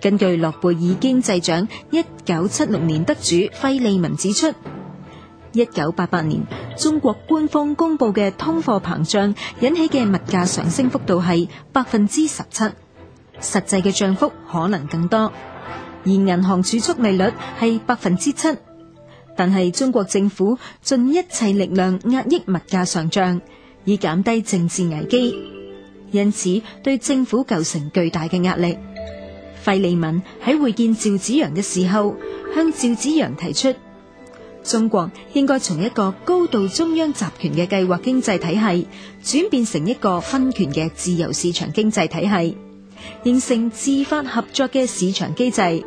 根據諾貝爾經濟獎一九七六年得主費利民指出，一九八八年中國官方公布嘅通貨膨脹引起嘅物價上升幅度係百分之十七，實際嘅漲幅可能更多。而銀行儲蓄利率係百分之七，但係中國政府盡一切力量壓抑物價上漲，以減低政治危機，因此對政府構成巨大嘅壓力。費利民喺會見趙紫陽嘅時候，向趙紫陽提出，中國應該從一個高度中央集權嘅計劃經濟體系，轉變成一個分權嘅自由市場經濟體系，形成自發合作嘅市場機制。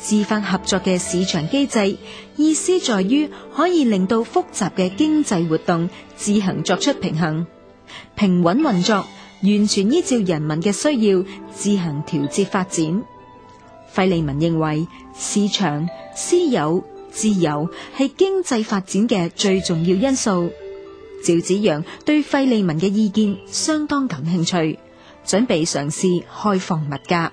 自發合作嘅市場機制，意思在於可以令到複雜嘅經濟活動自行作出平衡，平穩運作。完全依照人民嘅需要自行調節發展。費利民認為市場私有自由係經濟發展嘅最重要因素。趙紫陽對費利民嘅意見相當感興趣，準備嘗試開放物價。